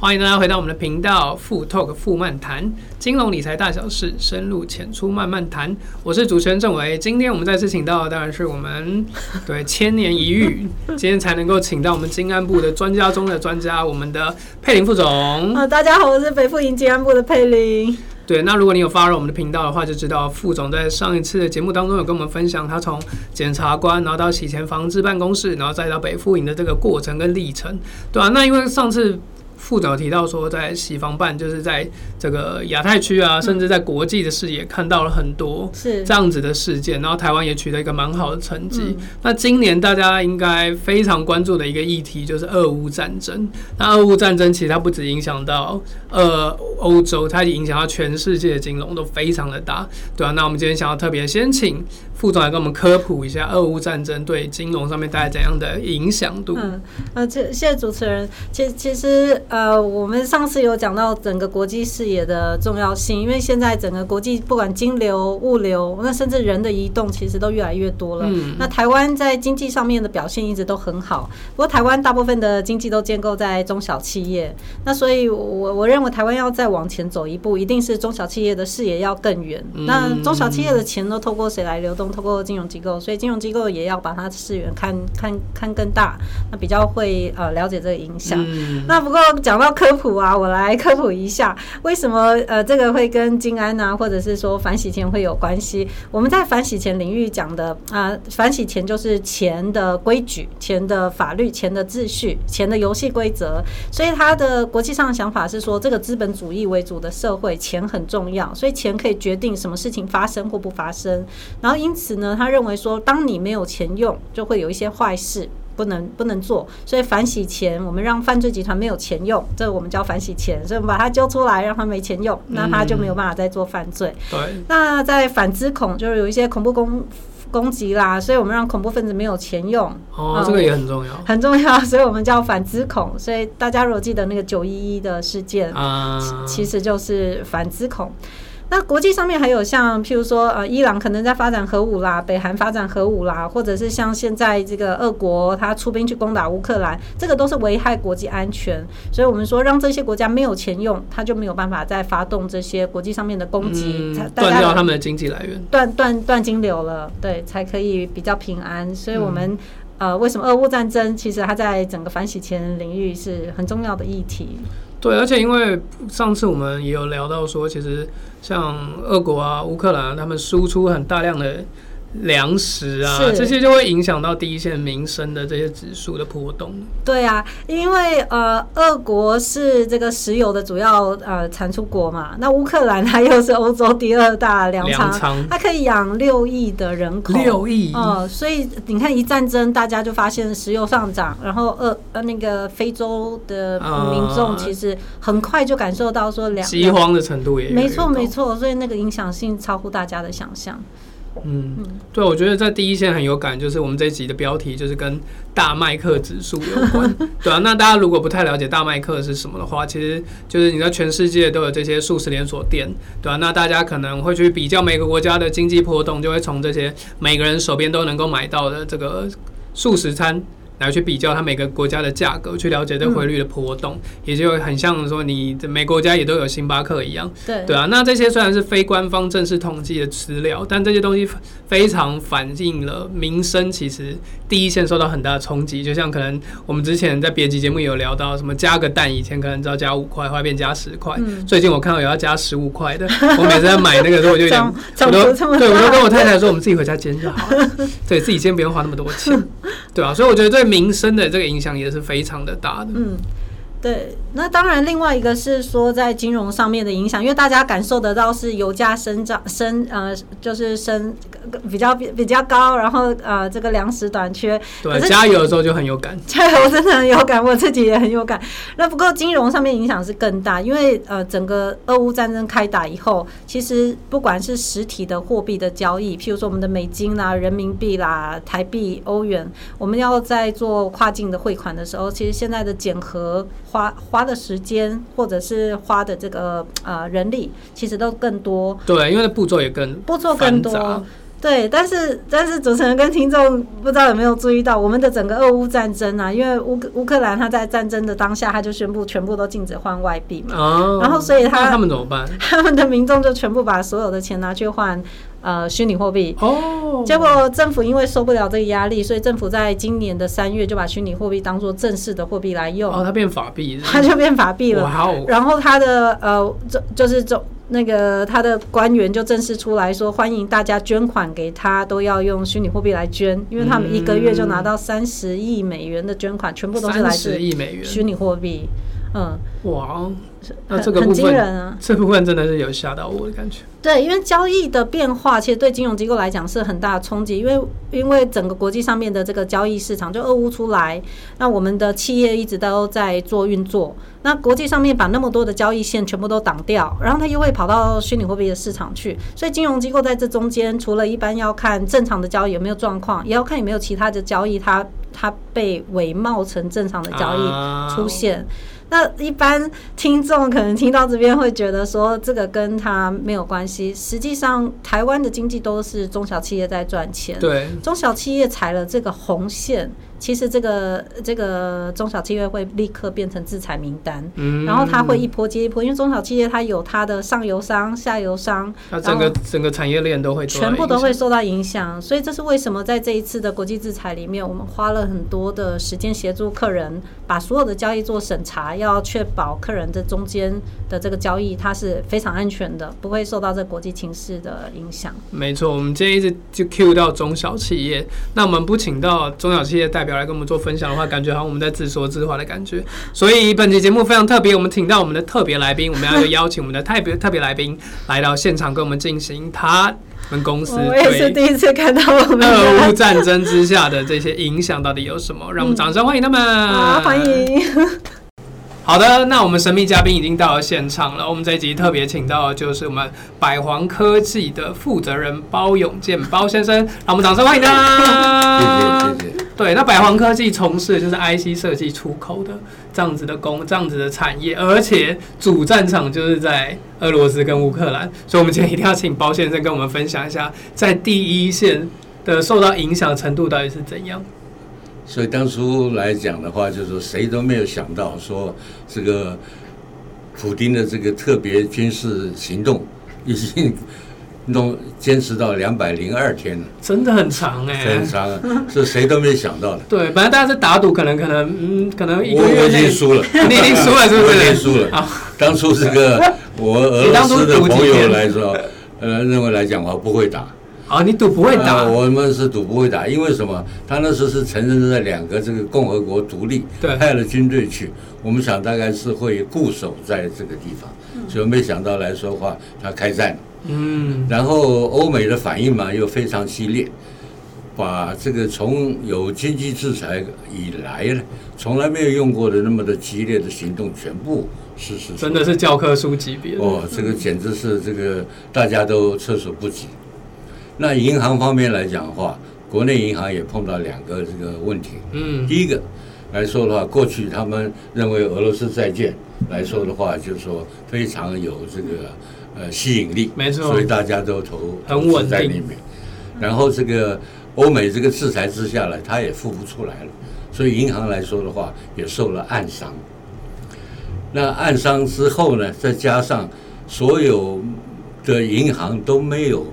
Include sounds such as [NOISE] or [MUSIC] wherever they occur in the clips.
歡迎大家回到我們的頻道《富 Talk 富漫談》金融理財大小事，深入淺出慢慢談。我是主持人鄭偉，今天我們再次請到的當然是我們對千年一遇， [LAUGHS] 今天才能夠請到我們金安部的專家中的專家，我們的佩玲副總。啊，大家好，我是北富銀金安部的佩玲。對，那如果你有 follow 我們的頻道的話，就知道副總在上一次的節目當中有跟我們分享他從檢察官，然後到洗錢防治辦公室，然後再到北富銀的這個過程跟歷程，對啊，那因為上次。副總提到說，在西方辦，就是在這個亞太區啊、嗯，甚至在國際的視野看到了很多是這樣子的事件，然後台灣也取得一個蠻好的成績、嗯。那今年大家應該非常關注的一個議題就是俄烏戰爭。那俄烏戰爭其實它不止影響到呃歐洲，它影響到全世界的金融都非常的大，對啊，那我們今天想要特別先請。副總來跟我們科普一下俄烏戰爭對金融上面帶來怎樣的影響度。嗯，這、嗯、謝謝主持人。其實其實呃，我們上次有講到整個國際視野的重要性，因為現在整個國際不管金流、物流，那甚至人的移動，其實都越來越多了。嗯。那台灣在經濟上面的表現一直都很好，不過台灣大部分的經濟都建構在中小企業。那所以我，我我認為台灣要再往前走一步，一定是中小企業的視野要更遠。那中小企業的錢都透過誰來流動？嗯嗯透過金融機構，所以金融機構也要把它視源看看看更大，那比較會呃了解這個影響。嗯。那不過講到科普啊，我來科普一下，為什麼呃這個會跟金安啊，或者是說反洗錢會有關係？我們在反洗錢領域講的啊，反洗錢就是錢的規矩、錢的法律、錢的秩序、錢的遊戲規則。所以它的國際上的想法是說，這個資本主義為主的社會，錢很重要，所以錢可以決定什麼事情發生或不發生。然後因此此呢，他認為說，當你沒有錢用，就會有一些壞事不能不能做，所以反洗錢，我們讓犯罪集團沒有錢用，這我們叫反洗錢，所以我們把它揪出來，讓他沒錢用，嗯，那他就沒有辦法再做犯罪。對。那在反資恐，就是有一些恐怖攻攻擊啦，所以我們讓恐怖分子沒有錢用。哦，這個也很重要，很重要。所以我們叫反資恐。所以大家如果記得那個九一一的事件啊，其實就是反資恐。那國際上面還有像，譬如說，呃，伊朗可能在發展核武啦，北韓發展核武啦，或者是像現在這個俄國，他出兵去攻打烏克蘭，這個都是危害國際安全。所以我們說，讓這些國家沒有錢用，他就沒有辦法再發動這些國際上面的攻擊，斷、嗯、掉他們的經濟來源，斷斷斷金流了，對，才可以比較平安。所以我們，嗯、呃，為什麼俄烏戰爭其實它在整個反洗錢領域是很重要的議題。對，而且因為上次我們也有聊到說，其實像俄國啊、烏克蘭，他們輸出很大量的。糧食啊，這些就會影響到第一線民生的這些指數的波動。對啊，因為呃，俄國是這個石油的主要呃產出國嘛，那烏克蘭它又是歐洲第二大糧倉，它可以養六億的人口，六億。哦、呃，所以你看，一戰爭大家就發現石油上漲，然後呃那個非洲的民眾其實很快就感受到說糧飢、啊、荒的程度也，沒錯沒錯，所以那個影響性超乎大家的想象。嗯，對啊，我覺得在第一線很有感，就是我們這集的標題就是跟大麥克指數有關， [LAUGHS] 對啊。那大家如果不太了解大麥克是什麼的話，其實就是你在全世界都有這些速食連鎖店，對啊。那大家可能會去比較每個國家的經濟波動，就會從這些每個人手邊都能夠買到的這個速食餐。來去比較它每個國家的價格，去了解這個匯率的波動、嗯，也就很像說你每國家也都有星巴克一樣，對對啊。那這些雖然是非官方正式統計的資料，但這些東西非常反映了民生其實第一線受到很大的衝擊。就像可能我們之前在別集節目有聊到，什麼加個蛋以前可能只要加五塊，後來變加十塊、嗯，最近我看到有要加十五塊的。 [LAUGHS] 我每次在買那個時候我就有點，這麼我都對，我就跟我太太說，我們自己回家煎就好了， [LAUGHS] 對自己煎不用花那麼多錢，對啊。所以我覺得。民生的這個影響也是非常的大的。嗯。對，那當然，另外一個是說在金融上面的影響，因為大家感受得到是油價升漲，升呃就是升比較比比較高，然後呃這個糧食短缺。對，加油的時候就很有感，加油真的很有感，我自己也很有感。 [LAUGHS] 那不過金融上面影響是更大，因為呃整個俄烏戰爭開打以後，其實不管是實體的貨幣的交易，譬如說我們的美金啦、人民幣啦、台幣、歐元，我們要在做跨境的匯款的時候，其實現在的減和。花花的時間或者是花的這個呃人力，其實都更多。對，因為步驟也更步驟更多。對，但是但是主持人跟聽眾不知道有沒有注意到，我們的整個俄烏戰爭啊，因為烏烏克蘭他在戰爭的當下，他就宣布全部都禁止換外幣嘛。哦。然後所以他，那他們怎麼辦？ [LAUGHS] 他們的民眾就全部把所有的錢拿去換。呃，虛擬貨幣哦，Oh. 結果政府因為受不了這個壓力，所以政府在今年的三月就把虛擬貨幣當做正式的貨幣來用。哦，它變法幣了，它就變法幣了。Wow. 然後它的呃，就是這、就是、那個他的官員就正式出來說，歡迎大家捐款給他，都要用虛擬貨幣來捐，因為他們一個月就拿到三十億美元的捐款，mm. 全部都是來自虛擬貨幣。嗯，哇，哦，那這個部分很驚人啊！這個、部分真的是有嚇到我的感覺。對，因為交易的變化，其實對金融機構來講是很大的衝擊。因為因為整個國際上面的這個交易市場，就二烏出來，那我們的企業一直都在做運作。那國際上面把那麼多的交易線全部都擋掉，然後它又會跑到虛擬貨幣的市場去。所以金融機構在這中間，除了一般要看正常的交易有沒有狀況，也要看有沒有其他的交易它，它它被偽冒成正常的交易出現。啊。那一般聽眾可能聽到這邊會覺得說，這個跟他沒有關係。實際上，台灣的經濟都是中小企業在賺錢，對，中小企業踩了這個紅線。其實這個這個中小企業會立刻變成制裁名單。嗯，然後它會一波接一波，因為中小企業它有它的上游商、下游商，它整個整個產業鏈都會全部都會受到影響。所以這是為什麼在這一次的國際制裁裡面，我們花了很多的時間協助客人把所有的交易做審查，要確保客人的中間的這個交易它是非常安全的，不會受到這國際情勢的影響。沒錯，我們今天一直就 cue 到中小企業，那我們不請到中小企業代表要來跟我們做分享的話，感覺好像我們在自說自話的感覺。所以本期節目非常特別，我們請到我們的特別來賓，我們要邀請我們的別特別特別來賓來到現場跟我們進行他們公司，我也是第一次看到俄烏戰爭之下的這些影響到底有什麼？讓我們掌聲歡迎他們！歡迎。好的，那我們神秘嘉賓已經到了現場了。我們這一集特別請到的就是我們佰皇科技的負責人鮑永建包先生，讓我們掌聲歡迎他。謝謝謝謝。對，那佰皇科技從事的就是 IC 設計出口的這樣子的工這樣子的產業，而且主戰場就是在俄羅斯跟烏克蘭，所以我們今天一定要請鮑先生跟我們分享一下，在第一線的受到影響程度到底是怎樣。所以當初來講的話，就是誰都沒有想到說這個普丁的這個特別軍事行動已經弄堅持到兩百零二天了，真的很長哎、欸，很長，是誰都沒想到的。 [LAUGHS] 對，本來大家是打賭，可能可能嗯，可能一個月內我我已經輸了， [LAUGHS] 你已經輸了是不是？輸了啊！當初這個我俄羅斯的朋友來說，呃，認為來講我不會打。啊、oh，你賭不會打？啊、我們是賭不會打，因為什麼？他那時候是承認在兩個這個共和國獨立，對，派了軍隊去。我們想大概是會固守在這個地方，嗯，所以沒想到來說話，他開戰。嗯。然後歐美的反應嘛，又非常激烈，把這個從有經濟制裁以來從來沒有用過的那麼的激烈的行動，全部實施。真的是教科書級別的。哦，這個簡直是這個大家都措手不及。那銀行方面來講的話，國內銀行也碰到兩個這個問題。嗯，第一個來說的話，過去他們認為俄羅斯債券來說的話，就是說非常有這個呃吸引力。沒錯，所以大家都投很穩在裡面。然後這個歐美這個制裁之下呢，它也付不出來了，所以銀行來說的話也受了暗傷。那暗傷之後呢，再加上所有的銀行都沒有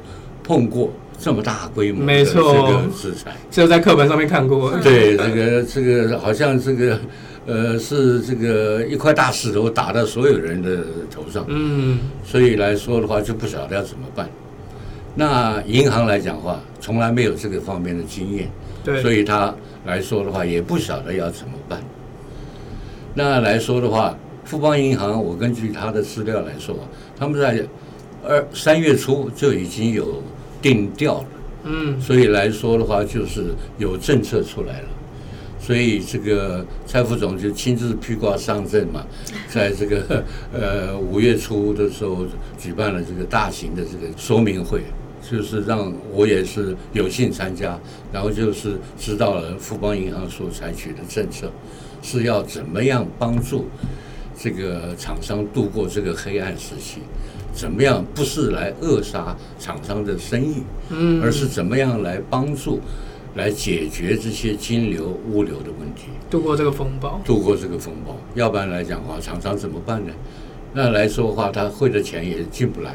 碰過。這麼大規模沒錯，這個制裁，這在課本上面看過。對，這個這個好像這個，呃，是這個一塊大石頭打到所有人的頭上。嗯，所以來說的話就不曉得要怎麼辦。那銀行來講的話，從來沒有這個方面的經驗，對，所以他來說的話也不曉得要怎麼辦。那來說的話，富邦銀行，我根據他的資料來說，他們在二三月初就已經有。定調了，嗯，所以來說的話，就是有政策出來了，所以這個蔡副總就親自披掛上陣嘛，在這個呃五月初的時候，舉辦了這個大型的這個說明會，就是讓我也是有幸參加，然後就是知道了富邦銀行所採取的政策，是要怎麼樣幫助這個廠商度過這個黑暗時期。怎麼樣不是來扼殺廠商的生意，嗯，而是怎麼樣來幫助，來解決這些金流物流的問題，度過這個風暴，度過這個風暴。要不然來講的話，廠商怎麼辦呢？那來說的話，他匯的錢也進不來，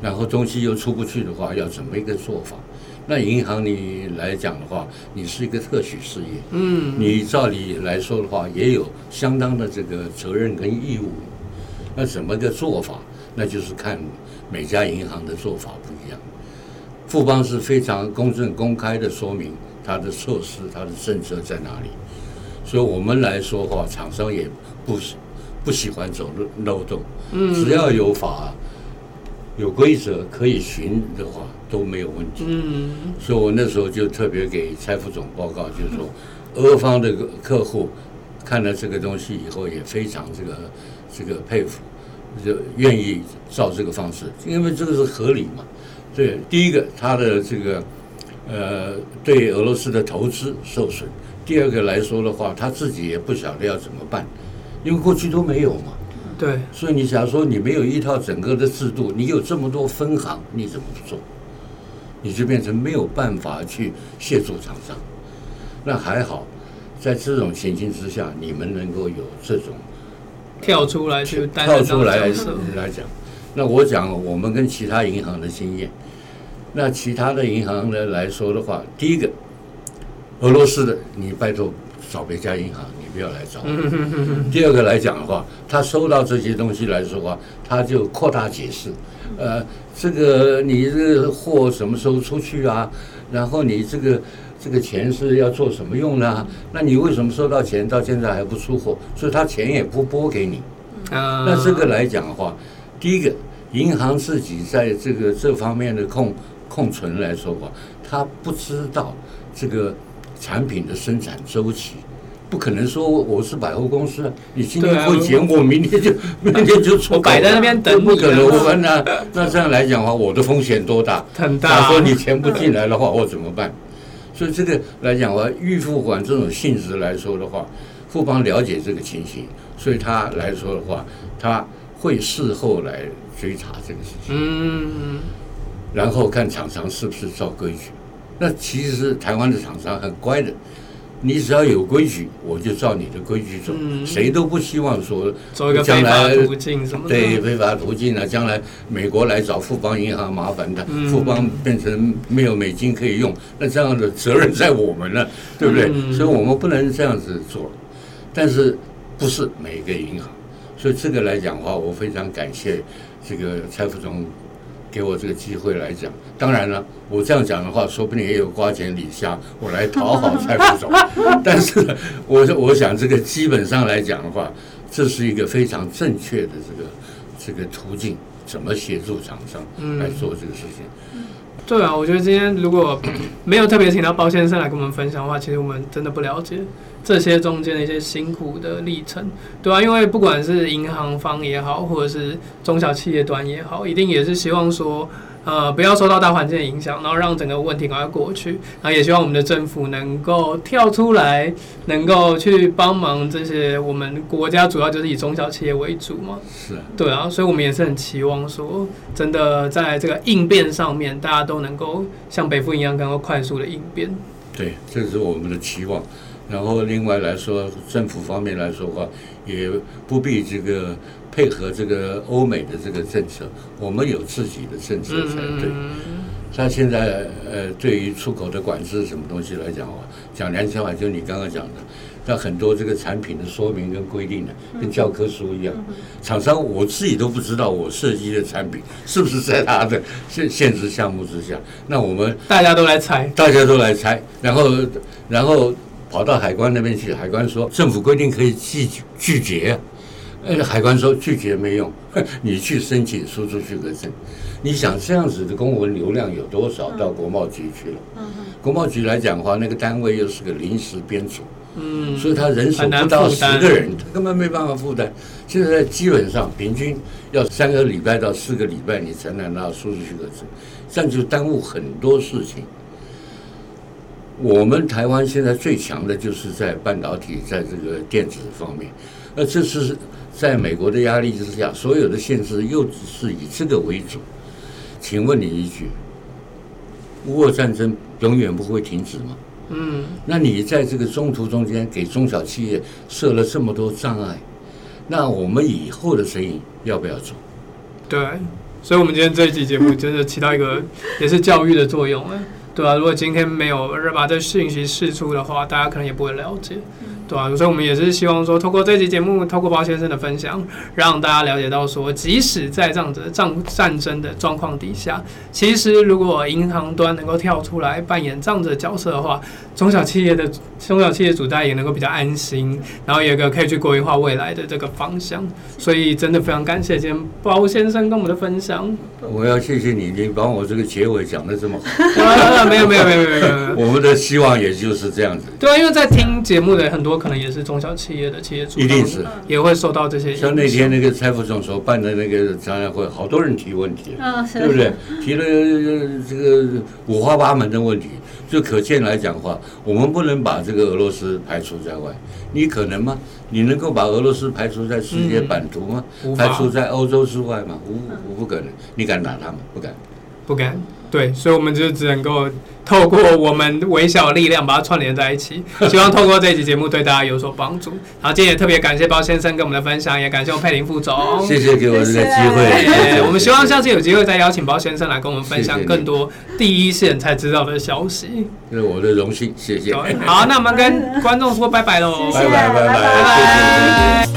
然後東西又出不去的話，要怎麼一個做法？那銀行你來講的話，你是一個特許事業，嗯，你照理來說的話，也有相當的這個責任跟義務，那怎麼個做法？那就是看每家銀行的做法不一樣。富邦是非常公正公開的說明它的措施、它的政策在哪裡，所以我們來說的話，廠商也不不喜歡走漏漏洞。只要有法有規則可以循的話，都沒有問題。嗯，所以我那時候就特別給蔡副總報告，就是說，俄方的客戶看了這個東西以後也非常這個這個佩服。就願意照這個方式，因為這個是合理嘛。對，第一個他的這個，呃，對俄羅斯的投資受損；第二個來說的話，他自己也不曉得要怎麼辦，因為過去都沒有嘛。對，所以你假如說你沒有一套整個的制度，你有這麼多分行，你怎麼做？你就變成沒有辦法去協助廠商。那還好，在這種情境之下，你們能夠有這種。跳出來去，跳出來我們來講。那我講我們跟其他銀行的經驗。那其他的銀行呢來說的話，第一個，俄羅斯的你拜託找別家銀行，你不要來找。 [LAUGHS] 第二個來講的話，他收到這些東西來說的話，他就擴大解釋。呃，這個你這個貨什麼時候出去啊？然後你這個。這個錢是要做什麼用呢？那你為什麼收到錢到現在還不出貨？所以他錢也不撥給你。啊，那這個來講的話，第一個，銀行自己在這個這方面的控控存來說的話，他不知道這個產品的生產週期，不可能說我是百貨公司，你今天付錢、啊，我明天就明天就出擺在那邊等你，不可能。我啊。 [LAUGHS] 那這樣來講的話，我的風險多大？很大。他說你錢不進來的話， [LAUGHS] 我怎麼辦？所以這個來講話，我預付款這種性質來說的話，富邦了解這個情形，所以他來說的話，他會事後來追查這個事情。嗯嗯，然後看廠商是不是照規矩。那其實台灣的廠商很乖的。你只要有規矩，我就照你的規矩做。嗯。誰都不希望說將來非對非法途徑啊，將來美國來找富邦銀行麻煩的，嗯，富邦變成沒有美金可以用，那這樣的責任在我們呢，對不對？嗯、所以我們不能這樣子做，但是不是每一個銀行，所以這個來講的話，我非常感謝這個蔡副總。給我這個機會來講，當然了，我這樣講的話，說不定也有瓜田李下。我來討好蔡副總。 [LAUGHS] 但是，我我想，這個基本上來講的話，這是一個非常正確的這個。這個途徑怎麼協助廠商來做這個事情？嗯，對啊，我覺得今天如果沒有特別請到鮑先生來跟我們分享的話，其實我們真的不了解這些中間的一些辛苦的歷程，對啊，因為不管是銀行方也好，或者是中小企業端也好，一定也是希望說。呃，不要受到大環境的影響，然後讓整個問題趕快過去。然後也希望我們的政府能夠跳出來，能夠去幫忙這些我們國家主要就是以中小企業為主嘛。是啊。對啊，所以我們也是很期望說，真的在這個應變上面，大家都能夠像北富一樣，能夠快速的應變。對，這是我們的期望。然後另外來說，政府方面來說的話，也不必這個。配合這個歐美的這個政策，我們有自己的政策才對。嗯、他現在呃，對於出口的管制什麼東西來講、啊、講良心話，就你剛剛講的。但很多這個產品的說明跟規定呢，跟教科書一樣，嗯，廠商我自己都不知道我設計的產品是不是在他的限限制項目之下。那我們大家都來猜，大家都來猜，然後然後跑到海關那邊去，海關說政府規定可以拒拒絕。哎、海關說拒絕沒用，你去申請輸出許可證。你想這樣子的公文流量有多少？到國貿局去了。嗯、國貿局來講的話，那個單位又是個臨時編組、嗯。所以他人數不到十個人，他根本沒辦法負擔。很難負擔。現在基本上平均要三個禮拜到四個禮拜，你才能拿到輸出許可證，這樣就耽誤很多事情。我們台灣現在最強的就是在半導體，在這個電子方面。那這次在美國的壓力之下，所有的限制又只是以這個為主。請問你一句，烏俄戰爭永遠不會停止嗎？嗯。那你在這個中途中間給中小企業設了這麼多障礙，那我們以後的生意要不要做？對。所以我們今天這一期節目就是起到一個，也是教育的作用啊、欸。對，如果今天沒有人把這信息釋出的話，大家可能也不會了解。對、啊、所以我們也是希望說，通過這期節目，透過包先生的分享，讓大家了解到說，即使在這樣子戰戰爭的狀況底下，其實如果銀行端能夠跳出來扮演這樣子的角色的話，中小企業的中小企業主貸也能夠比較安心，然後也有個可以去規劃未來的這個方向。所以真的非常感謝今天包先生跟我們的分享。我要謝謝你，你幫我這個結尾講的這麼好。沒有沒有沒有沒有沒有。 [LAUGHS] [LAUGHS] [LAUGHS] 我們的希望也就是這樣子。對、啊、因為在聽節目的很多。可能也是中小企業的企業主，一定是也會受到這些。像那天那個蔡副總所辦的那個展覽會，好多人提問題，哦、對不對？提了這個五花八門的問題，就可見來講的講話，我們不能把這個俄羅斯排除在外。你可能嗎？你能夠把俄羅斯排除在世界版圖嗎？排除在歐洲之外嗎？無、嗯，我、嗯、不可能。你敢打他嗎？不敢，不敢。對，所以我們就只能夠透過我們微小的力量把它串聯在一起。希望透過這一集節目對大家有所幫助。好，今天也特別感謝鮑先生跟我們的分享，也感謝我佩玲副總。謝謝給我這個機會，謝謝謝謝。我們希望下次有機會再邀請鮑先生來跟我們分享更多第一線才知道的消息。這是我的榮幸，謝謝，好。好，那我們跟觀眾說拜拜嘍，拜拜拜拜拜拜。拜拜謝謝拜拜謝謝。